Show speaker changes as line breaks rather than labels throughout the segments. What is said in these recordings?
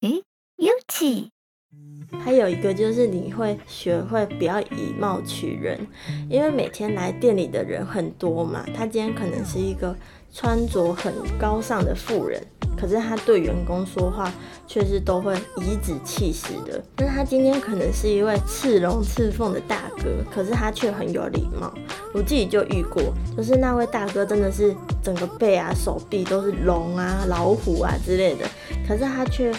誒，尤其、嗯、還有一個就是你會學會不要以貌取人，因為每天來店裡的人很多嘛。他今天可能是一個穿着很高尚的富人，可是他對員工說話卻是都會頤指氣使的。那他今天可能是一位刺龍刺鳳的大哥，可是他卻很有禮貌。我自己就遇過，就是那位大哥真的是整個背啊、手臂都是龍啊、老虎啊之類的，可是他卻。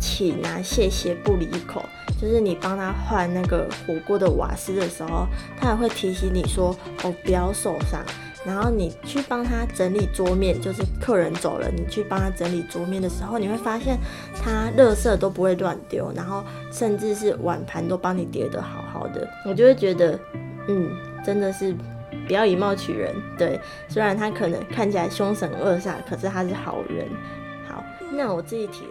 請拿、啊，謝謝不離口。就是你幫他換那個火鍋的瓦斯的時候，他還會提醒你說哦，不要受傷。然後你去幫他整理桌面，就是客人走了，你去幫他整理桌面的時候，你會發現他垃圾都不會亂丟，然後甚至是碗盤都幫你疊得好好的。我就會覺得，嗯，真的是不要以貌取人。對，雖然他可能看起來凶神惡煞，可是他是好人。好，那我自己體。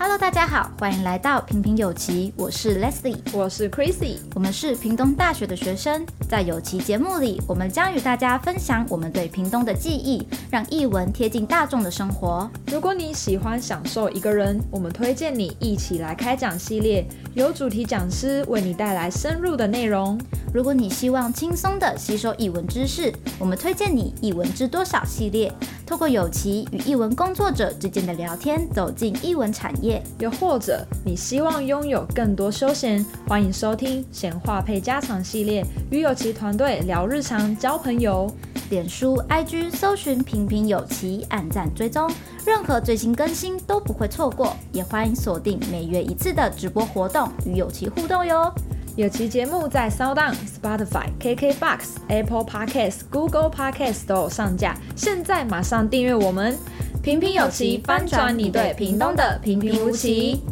Hello，大家好，歡迎
來到屏屏有奇，我是 Leslie，我是 Crazy，我們是屏東大學的學生，在有奇節目裡，我們將與大家分享我們對屏東的記憶，讓藝文貼近大眾的生活。如果你喜歡享受一個人，我們推薦你一起來開講系列，由主題講師為你帶來深入的內容。如果你希望輕鬆地吸收藝文知識，我們推薦你藝文知多少系列。透過有奇與藝文工作者之間的聊天，走進藝文產業。又或者，你希望擁有更多休閒，歡迎收聽閒話配家常系列，與有奇團隊聊日常、交朋友。臉書、IG 搜尋“屏屏有奇”，按讚追蹤，任何最新更新都不會錯過。也歡迎鎖定每月一次的直播活動，與有奇互動喲。有奇節目在 SoundOn、Spotify、KKbox、Apple Podcasts Google Podcasts 都有上架，現在馬上訂閱我們！屏屏有奇，翻轉,翻轉你對屏東的平平無奇。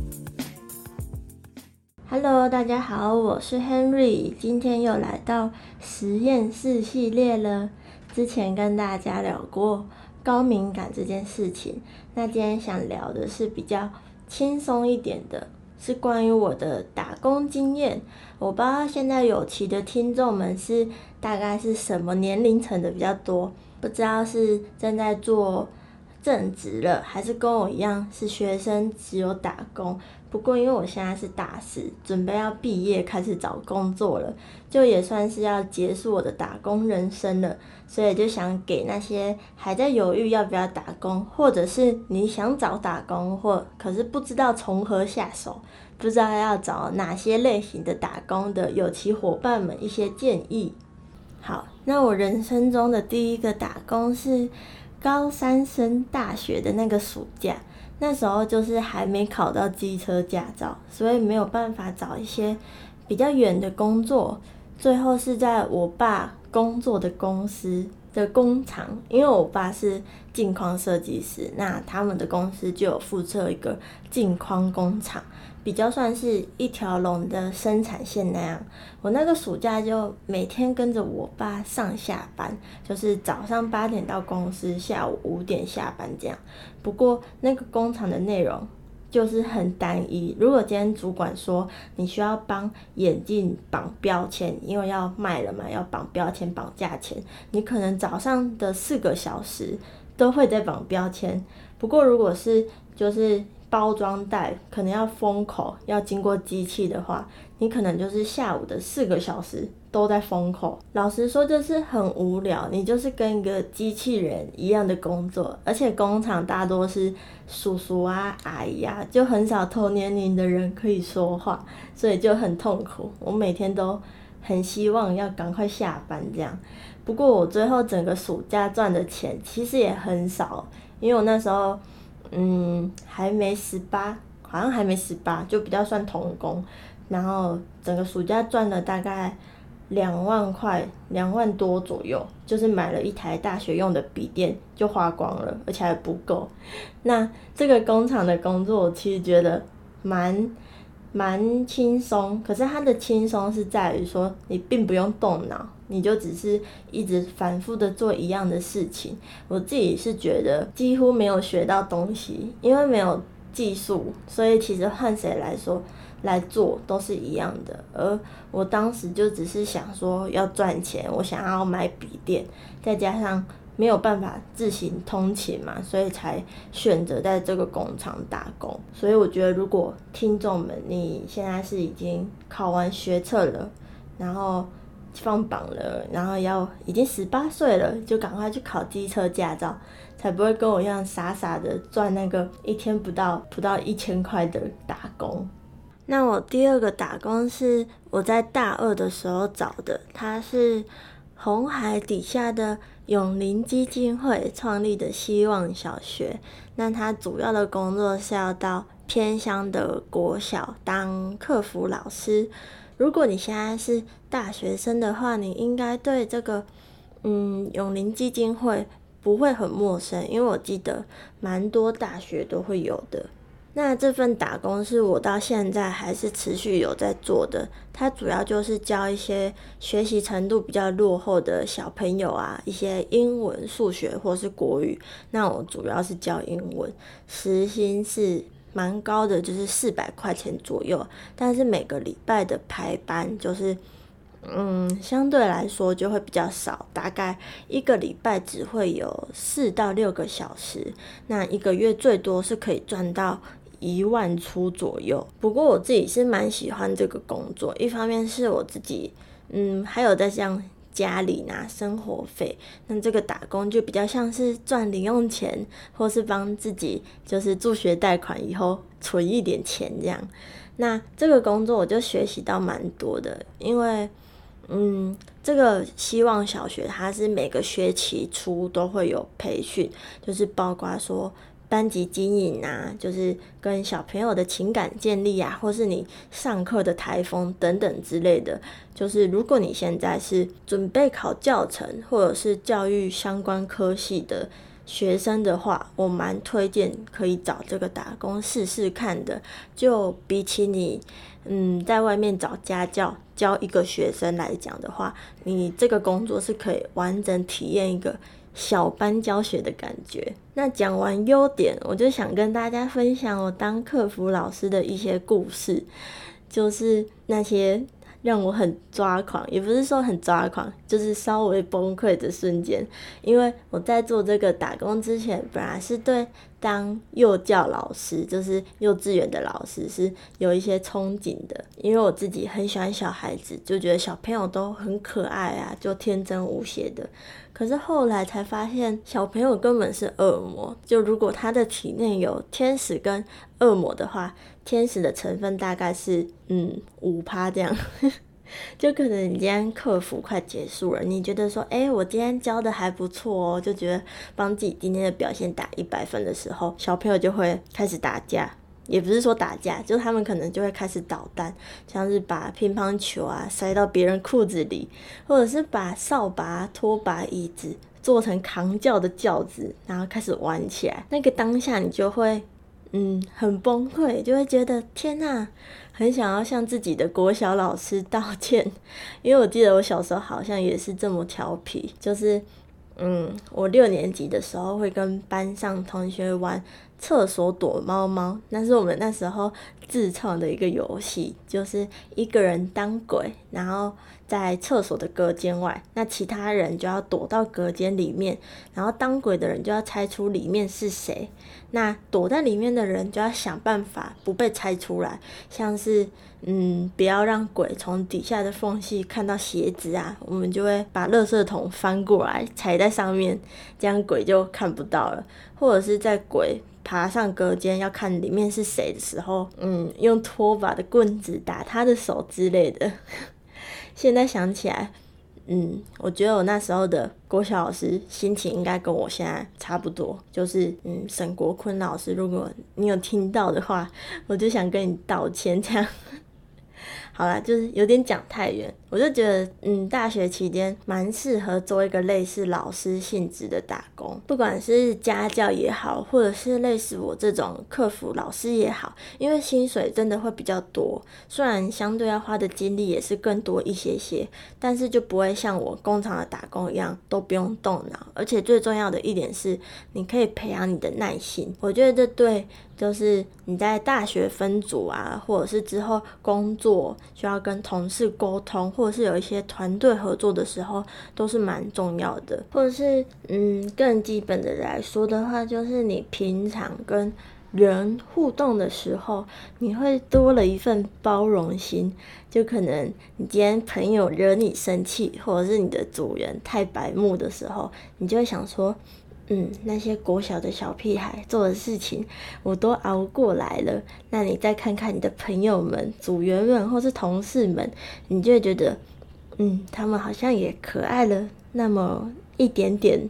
Hello，大家好，我是 Henry，今天又來到實驗室系列了。之前跟大家聊過高敏感這件事情，那今天想聊的是比較輕鬆一點的。是關於我的打工經驗。我不知道現在有奇的聽眾們是大概是什麼年齡層的比較多，不知道是正在做正職了，還是跟我一樣是學生只有打工。不過，因為我現在是大四，準備要畢業開始找工作了，就也算是要結束我的打工人生了，所以就想給那些還在猶豫要不要打工，或者是你想找打工，或可是不知道從何下手，不知道要找哪些類型的打工的，有奇夥伴們一些建議。好，那我人生中的第一個打工是高三升大學的那個暑假。那時候就是還沒考到機車駕照，所以沒有辦法找一些比較遠的工作。最後是在我爸工作的公司，的工廠，因為我爸是鏡框設計師，那他們的公司就有負責一個鏡框工廠，比較算是一條龍的生產線那樣。我那個暑假就每天跟着我爸上下班，就是早上八點到公司，下午五點下班這樣。不過那個工廠的內容。就是很單一。如果今天主管說你需要幫眼鏡綁標籤，因為要賣了嘛，要綁標籤、綁價錢，你可能早上的四個小時都會在綁標籤。不過如果是就是包裝袋，可能要封口、要經過機器的話，你可能就是下午的四個小時。都在風口，老實說就是很無聊。你就是跟一個機器人一樣的工作，而且工廠大多是叔叔啊、阿姨啊，就很少同年齡的人可以說話，所以就很痛苦。我每天都很希望要趕快下班這樣。不過我最後整個暑假賺的錢其實也很少，因為我那時候嗯還沒十八，好像還沒十八，就比較算童工。然後整個暑假賺了大概。兩萬塊，兩萬多左右，就是買了一台大學用的筆電就花光了，而且還不夠。那這個工廠的工作，我其實覺得蠻蠻輕鬆，可是它的輕鬆是在於說你並不用動腦，你就只是一直反覆的做一樣的事情。我自己是覺得幾乎沒有學到東西，因為沒有技術，所以其實換誰來說。來做都是一樣的，而我當時就只是想說要賺錢，我想要買筆電，再加上沒有辦法自行通勤嘛，所以才選擇在這個工廠打工。所以我覺得，如果聽眾們，你現在是已經考完學測了，然後放榜了，然後要已經十八歲了，就趕快去考機車駕照，才不會跟我一樣傻傻的賺那個一天不到不到一千塊的打工。那我第二個打工是我在大二的時候找的，他是鴻海底下的永齡基金會創立的希望小學。那他主要的工作是要到偏鄉的國小當課輔老師。如果你現在是大學生的話，你應該對這個嗯永齡基金會不會很陌生，因為我記得蠻多大學都會有的。那這份打工是我到現在還是持續有在做的，它主要就是教一些學習程度比較落後的小朋友啊，一些英文、數學或是國語。那我主要是教英文，時薪是蠻高的，就是四百塊錢左右。但是每個禮拜的排班就是，嗯，相對來說就會比較少，大概一個禮拜只會有四到六個小時。那一個月最多是可以賺到。一萬出左右，不過我自己是蠻喜歡這個工作。一方面是我自己，嗯，還有在像家裡拿生活費，那這個打工就比較像是賺零用錢，或是幫自己就是助學貸款以後存一點錢這樣。那這個工作我就學習到蠻多的，因為，嗯，這個希望小學它是每個學期初都會有培訓，就是包括說。班級經營啊，就是跟小朋友的情感建立啊，或是你上課的颱風等等之類的。就是如果你現在是準備考教程，或者是教育相關科系的學生的話，我蠻推薦可以找這個打工試試看的。就比起你嗯在外面找家教教一個學生來講的話，你這個工作是可以完整體驗一個。小班教學的感覺。那講完優點，我就想跟大家分享我當課輔老師的一些故事，就是那些讓我很抓狂，也不是說很抓狂，就是稍微崩潰的瞬間。因為我在做這個打工之前，本來是對當幼教老師，就是幼稚園的老師，是有一些憧憬的。因為我自己很喜歡小孩子，就覺得小朋友都很可愛啊，就天真無邪的。可是後來才發現，小朋友根本是惡魔。就如果他的體內有天使跟惡魔的話，天使的成分大概是嗯五趴這樣。 就可能你今天課輔快結束了，你覺得說，誒、欸，我今天教的還不錯哦，就覺得幫自己今天的表現打一百分的時候，小朋友就會開始打架。也不是說打架，就他們可能就會開始搗蛋，像是把乒乓球啊塞到別人褲子裡，或者是把掃把、拖把、椅子做成扛轎的轎子，然後開始玩起來。那個當下，你就會嗯很崩潰，就會覺得天吶啊，很想要向自己的國小老師道歉。因為我記得我小時候好像也是這麼調皮，就是嗯，我六年級的時候會跟班上同學玩。廁所躲貓貓，那是我們那時候自創的一個遊戲，就是一個人當鬼，然後在廁所的隔間外，那其他人就要躲到隔間裡面，然後當鬼的人就要猜出裡面是誰，那躲在裡面的人就要想辦法不被猜出來，像是嗯，不要讓鬼從底下的縫隙看到鞋子啊，我們就會把垃圾桶翻過來踩在上面，這樣鬼就看不到了，或者是在鬼爬上隔間要看裡面是誰的時候，嗯，用拖把的棍子打他的手之類的。現在想起來，嗯，我覺得我那時候的國小老師心情應該跟我現在差不多，就是，嗯，沈國坤老師，如果你有聽到的話，我就想跟你道歉，這樣。好啦，就是有點講太遠，我就覺得，嗯，大學期間蠻適合做一個類似老師性質的打工，不管是家教也好，或者是類似我這種課輔老師也好，因為薪水真的會比較多，雖然相對要花的精力也是更多一些些，但是就不會像我工廠的打工一樣都不用動腦，而且最重要的一點是，你可以培養你的耐心，我覺得這對。就是你在大學分組啊，或者是之後工作需要跟同事溝通，或者是有一些團隊合作的時候，都是蠻重要的。或者是，嗯，更基本的來說的話，就是你平常跟人互動的時候，你會多了一份包容心。就可能你今天朋友惹你生氣，或者是你的主人太白目的時候，你就會想說。嗯，那些國小的小屁孩做的事情，我都熬過來了。那你再看看你的朋友們、組員們或是同事們，你就會覺得，嗯，他們好像也可愛了那麼一點點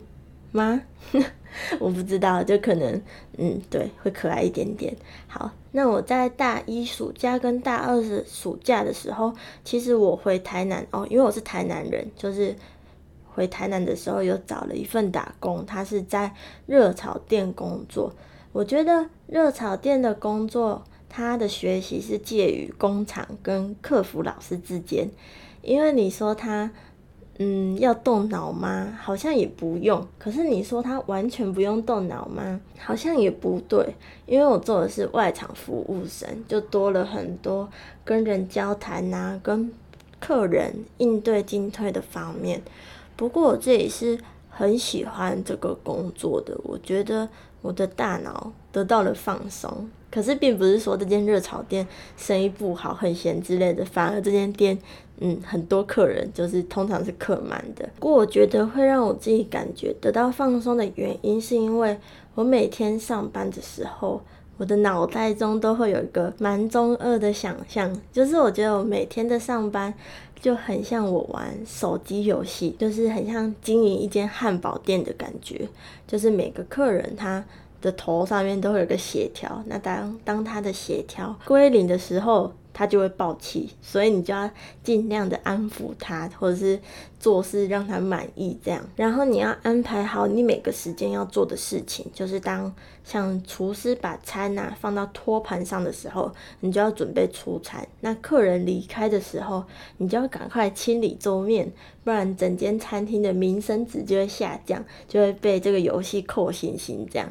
嗎？ 我不知道，就可能，嗯，對，會可愛一點點。好，那我在大一暑假跟大二的暑假的時候，其實我回台南哦，因為我是台南人，就是。回台南的時候，有找了一份打工，他是在熱炒店工作。我覺得熱炒店的工作，他的學習是介於工廠跟課輔老師之間。因為你說他，嗯，要動腦嗎？好像也不用。可是你說他完全不用動腦嗎？好像也不對。因為我做的是外場服務生，就多了很多跟人交談啊，跟客人應對進退的方面。不過我自己是很喜歡這個工作的，我覺得我的大腦得到了放鬆。可是並不是說這間熱炒店生意不好，很閒之類的，反而這間店嗯，很多客人，就是通常是客滿的。不過我覺得會讓我自己感覺得到放鬆的原因，是因為我每天上班的時候。我的腦袋中都會有一個蠻中二的想象，就是我覺得我每天的上班就很像我玩手機遊戲，就是很像經營一間漢堡店的感覺，就是每個客人他的頭上面都會有一個血條，那當當他的血條歸零的時候，他就會爆氣，所以你就要盡量的安撫他，或者是。做事讓他滿意這樣，然後你要安排好你每個時間要做的事情，就是當像廚師把餐吶、啊、放到托盤上的時候，你就要準備出餐；那客人離開的時候，你就要趕快清理桌面，不然整間餐廳的名聲值就會下降，就會被這個遊戲扣星星。這樣，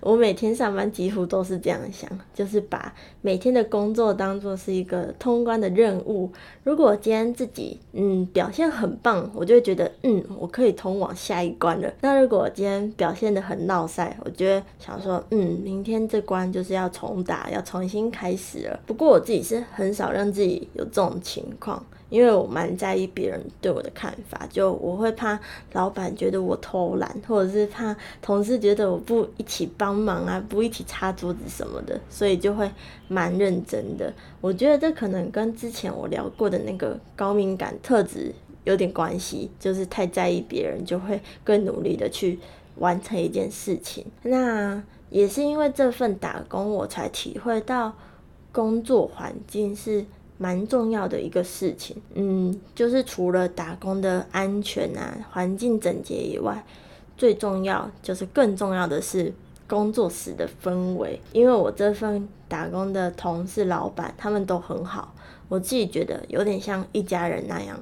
我每天上班幾乎都是這樣想，就是把每天的工作當做是一個通關的任務。如果今天自己嗯表現很棒。我就會覺得，嗯，我可以通往下一關了。那如果我今天表現得很鬧塞，我就會想說，嗯，明天這關就是要重打，要重新開始了。不過我自己是很少讓自己有這種情況，因為我蠻在意別人對我的看法，就我會怕老板覺得我偷懶，或者是怕同事覺得我不一起幫忙啊，不一起擦桌子什麼的，所以就會蠻認真的。我覺得這可能跟之前我聊過的那個高敏感特質。有點關係，就是太在意別人，就會更努力的去完成一件事情。那也是因為這份打工，我才體會到工作環境是蠻重要的一個事情。嗯，就是除了打工的安全啊、環境整潔以外，最重要就是更重要的是工作時的氛圍。因為我這份打工的同事、老闆，他們都很好。我自己覺得有點像一家人那樣。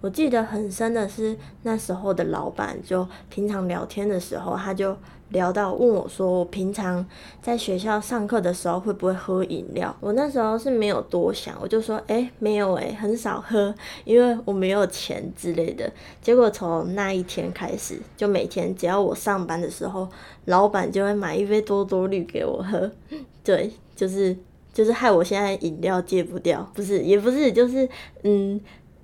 我記得很深的是，那時候的老闆就平常聊天的時候，他就聊到問我說：“我平常在學校上課的時候會不會喝飲料？”我那時候是沒有多想，我就說：“欸，沒有欸，很少喝，因為我沒有錢之類的。”結果從那一天開始，就每天只要我上班的時候，老闆就會買一杯多多綠給我喝。對，就是。就是害我現在飲料戒不掉，不是，也不是，就是嗯，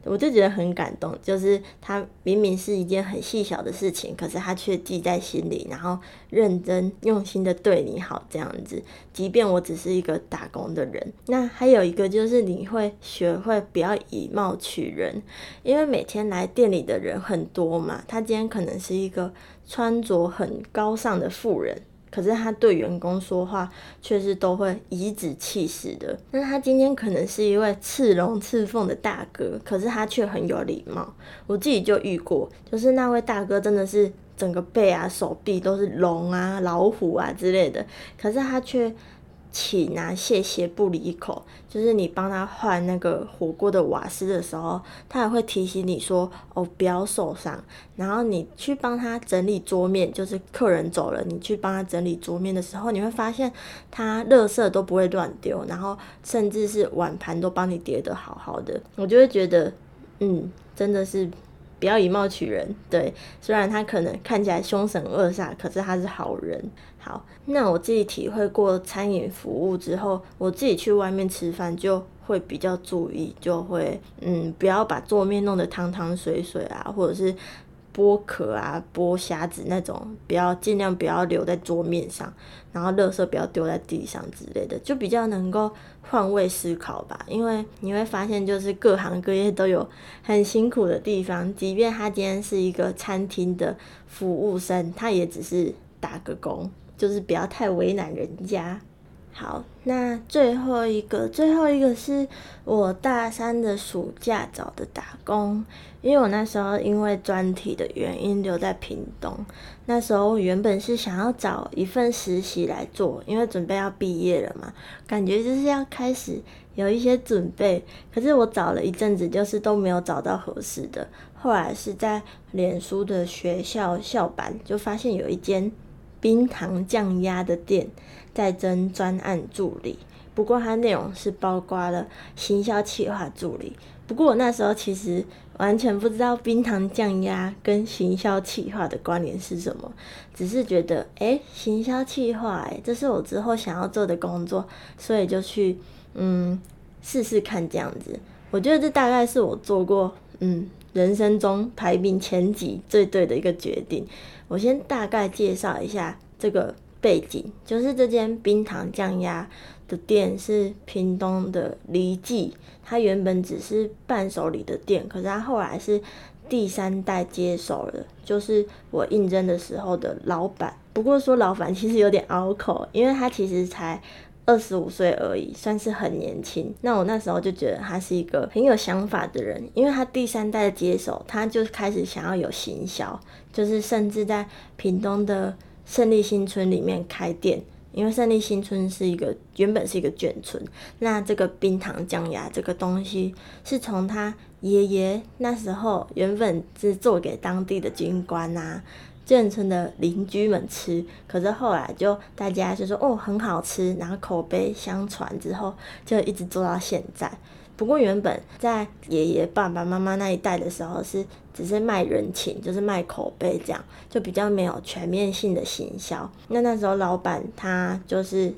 我就覺得很感動，就是他明明是一件很細小的事情，可是他卻記在心裡，然後認真用心的對你好這樣子。即便我只是一個打工的人，那還有一個就是你會學會不要以貌取人，因為每天來店裡的人很多嘛，他今天可能是一個穿着很高尚的富人。可是他對員工說話，卻是都會頤指氣使的。那他今天可能是一位刺龍刺鳳的大哥，可是他卻很有禮貌。我自己就遇過，就是那位大哥真的是整個背啊、手臂都是龍啊、老虎啊之類的，可是他卻。請拿、啊、謝謝不離口，就是你幫他換那個火鍋的瓦斯的時候，他還會提醒你說：“哦，不要受傷。”然後你去幫他整理桌面，就是客人走了，你去幫他整理桌面的時候，你會發現他垃圾都不會亂丟，然後甚至是碗盤都幫你疊得好好的。我就會覺得，嗯，真的是不要以貌取人。對，雖然他可能看起來兇神惡煞，可是他是好人。好，那我自己體會過餐飲服務之後，我自己去外面吃飯就會比較注意，就會嗯，不要把桌面弄得湯湯水水啊，或者是剝殼啊、剝蝦子那種，不要盡量不要留在桌面上，然後垃圾不要丟在地上之類的，就比較能夠換位思考吧。因為你會發現，就是各行各業都有很辛苦的地方，即便他今天是一個餐廳的服務生，他也只是打個工。就是不要太為難人家。好，那最後一個，最後一個是我大三的暑假找的打工，因為我那時候因為專題的原因留在屏東。那時候原本是想要找一份實習來做，因為準備要畢業了嘛，感覺就是要開始有一些準備。可是我找了一陣子，就是都沒有找到合適的。後來是在臉書的學校校版，就發現有一間。冰糖醬鴨的店在徵專案助理，不過它內容是包括了行銷企劃助理。不過我那時候其實完全不知道冰糖醬鴨跟行銷企劃的關聯是什麼，只是覺得哎、欸，行銷企劃，哎，這是我之後想要做的工作，所以就去嗯試試看這樣子。我覺得這大概是我做過嗯人生中排名前幾最對的一個決定。我先大概介紹一下這個背景，就是這間冰糖醬鴨的店是屏東的李記，它原本只是伴手禮的店，可是它後來是第三代接手了，就是我應徵的時候的老闆。不過說老闆其實有點拗口，因為他其實才。二十五歲而已，算是很年輕。那我那時候就覺得他是一個很有想法的人，因為他第三代的接手，他就開始想要有行銷，就是甚至在屏東的勝利新村裡面開店，因為勝利新村是一個原本是一個眷村。那這個冰糖醬鴨這個東西，是從他爺爺那時候原本是做給當地的軍官啊。建村的鄰居們吃，可是後來就大家就說哦，很好吃，然後口碑相傳之後就一直做到現在。不過原本在爺爺爸爸媽媽那一代的時候是只是賣人情，就是賣口碑這樣，就比較沒有全面性的行銷。那那時候老闆他就是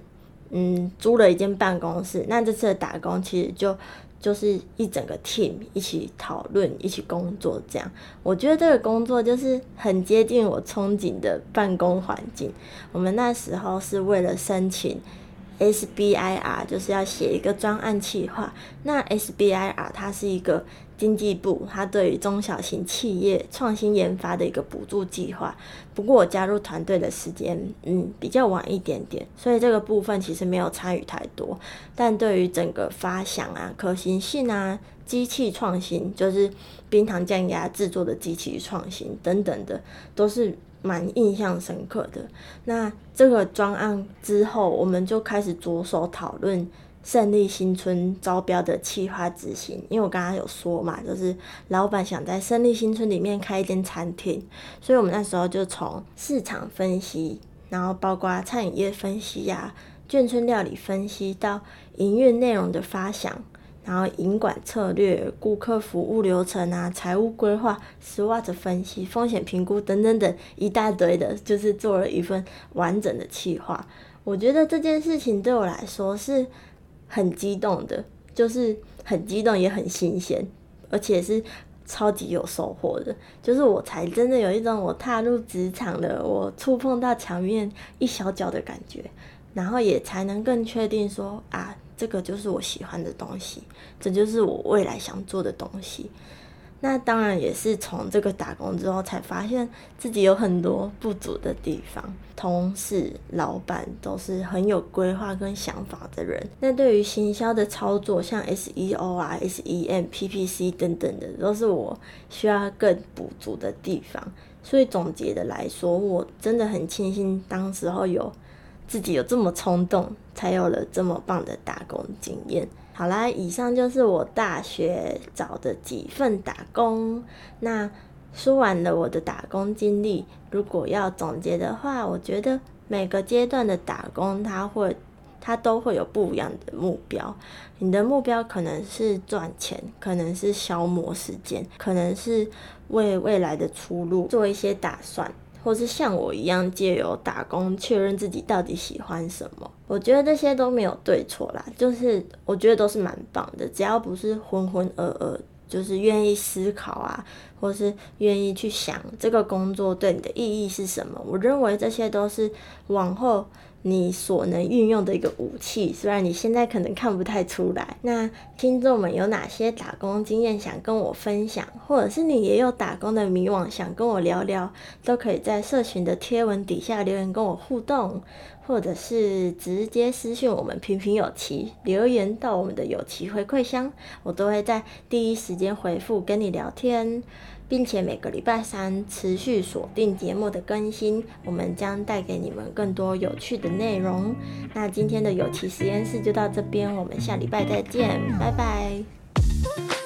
嗯租了一間辦公室，那這次的打工其實就。就是一整個 team 一起討論、一起工作，這樣我覺得這個工作就是很接近我憧憬的辦公環境。我們那時候是為了申請 SBIR，就是要寫一個專案企劃。那 SBIR 它是一個經濟部它對於中小型企業創新研發的一個補助計劃，不過我加入團隊的時間嗯比較晚一點點，所以這個部分其實沒有參與太多。但對於整個發想啊、可行性啊、機器創新，就是冰糖醬鴨制作的機器創新等等的，都是蠻印象深刻的。那這個專案之後，我們就開始着手討論。勝利新村招標的企劃執行，因為我剛剛有說嘛，就是老闆想在勝利新村裡面開一間餐廳，所以我們那時候就從市場分析，然後包括餐飲業分析呀、啊、眷村料理分析，到營運內容的發想，然後營管策略、顧客服務流程啊、財務規劃、SWOT 分析、風險評估等等等一大堆的，就是做了一份完整的企劃。我覺得這件事情對我來說是。很激動的，就是很激動，也很新鮮，而且是超級有收穫的。就是我才真的有一種我踏入職場了，我觸碰到牆面一小角的感覺，然後也才能更確定說啊，這個就是我喜歡的東西，這就是我未來想做的東西。那當然也是從這個打工之後才發現自己有很多不足的地方，同事、老闆都是很有規劃跟想法的人。那對於行銷的操作，像 SEO 啊、SEM、PPC 等等的，都是我需要更補足的地方。所以總結的來說，我真的很慶幸當時候有自己有這麼衝動，才有了這麼棒的打工經驗。好啦，以上就是我大學找的幾份打工。那說完了我的打工經歷，如果要總結的話，我覺得每個階段的打工，它會，它都會有不一樣的目標。你的目標可能是賺錢，可能是消磨時間，可能是為未來的出路做一些打算。或是像我一樣，借由打工確認自己到底喜歡什麼，我覺得這些都沒有對錯啦，就是我覺得都是蠻棒的，只要不是渾渾噩噩，就是願意思考啊，或是願意去想這個工作對你的意義是什麼，我認為這些都是往後。你所能運用的一個武器，雖然你現在可能看不太出來。那聽眾們有哪些打工經驗想跟我分享，或者是你也有打工的迷惘想跟我聊聊，都可以在社群的貼文底下留言跟我互動，或者是直接私訊我們屏屏有奇，留言到我們的有奇回饋箱，我都會在第一時間回復跟你聊天。並且每個禮拜三持續鎖定節目的更新，我們將帶給你們更多有趣的內容。那今天的有奇實驗室就到這邊，我們下禮拜再見，拜拜。